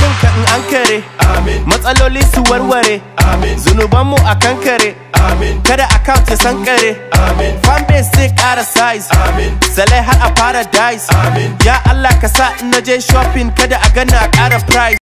mun ka in an kare matsaloli su warware zunuban mu a kare kada account ya amin fan base sai kara size salai har a paradise ya Allah ka sa in na je shopping kada a gana a kara price